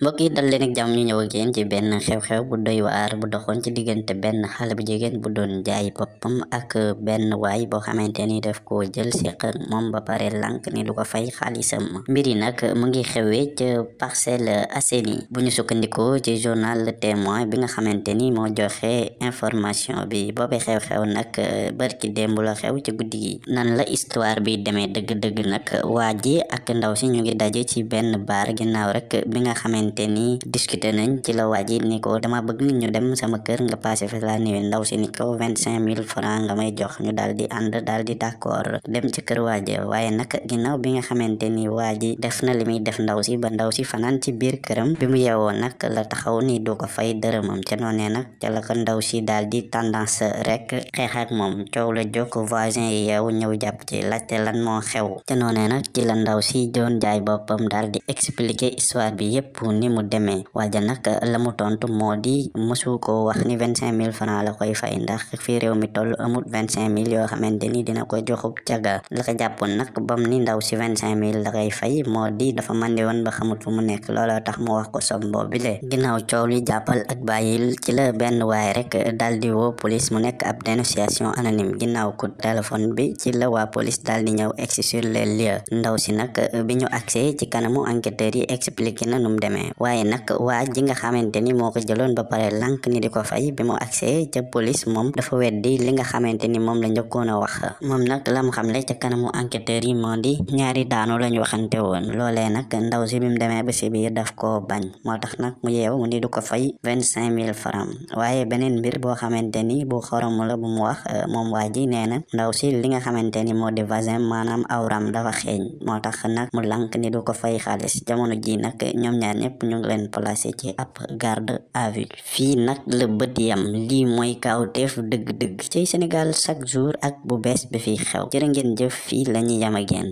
mbokk yi dal leen ak jàmm ñu ñëw ak yéen ci benn xew-xew bu doy waar bu doxoon ci diggante benn xale bu jegeen bu doon jaay boppam ak benn waay boo xamante ni def ko jël seq moom ba pare lànk ni lu ko fay xaalisam mbir yi nag mu ngi xewee ca Parcelles Assainies bu ñu sukkandikoo ci journal témoin bi nga xamante ni moo joxe information bi boobe xew-xew nag euh, barki démb la xew ci guddi gi nan la histoire bi demee dëgg-dëgg nag waa ji ak ndaw si ñu ngi daje ci benn baar ginnaaw rek bi nga xamante xamante ni discuter nañ ci la waa ni ko dama bëgg ñu dem sama kër nga passé fa laa ndaw si ni ko vingt cinq mille francs nga may jox ñu daal di ànd daal di d'accord dem ci kër waa ji waaye nag ginnaaw bi nga xamante ni waa ji def na li muy def ndaw si ba ndaw si fanaan ci biir këram bi mu yeewoo nag la taxaw ni du ko fay dërëmam ca noonee nag ca la ko ndaw si daal di tendance rek xeex ak moom coow la jokk voisin yi yeewu ñëw jàpp ci laajte lan moo xew ca noonee nag ci la ndaw si doon jaay boppam daal di expliquer histoire bi ni mu demee Walja nag la mu tontu moo di mësu ko wax ni vingt cinq mille francs la koy fay ndax fii réew mi toll amul vingt cinq mille yoo xamante ni dina ko joxub caga la ko jàppoon nag bam ni ndaw si vingt cinq mille la koy fay moo di dafa mandi woon ba xamut fu mu nekk looloo tax mo wax ko sombo bi le ginnaaw coow li jàppal ak bàyyil ci la benn waaye rek daal di woo police mu nekk ab dénonciation anonyme ginnaaw coup de téléphone bi ci la waa police daal di ñëw agsi sur les ndaw si nag bi ñu agsee ci kanamu enquêteurs yi expliqué na num demee waaye nag waa ji nga xamante ni moo ko jëloon ba pare lànk ni di ko fay bi mu accès ca police moom dafa weddi li nga xamante ni moom la njëkkoon a wax moom nag la mu xamle ca kanamu enquêteurs yi moo di ñaari daanu lañ waxante woon loolee nag ndaw si bi mu demee ba si biir daf koo bañ moo tax nag mu yeew mu ni ko fay vingt cinq mille francs waaye beneen mbir boo xamante ni bu xoromu la bu mu wax moom waa ji nee na ndaw si li nga xamante ni moo di vaccin maanaam awram dafa xeeñ moo tax nag mu lank ni du ko fay xaalis jamono ji nag ñoom ñaar ñëpp yëpp ñu ngi leen placé ci ab garde à vue nag la bët yam lii mooy kaawteef dëgg-dëgg ci Sénégal chaque jour ak bu bees bi fi xew jërë ngeen jëf fii la ñuy yam a yéen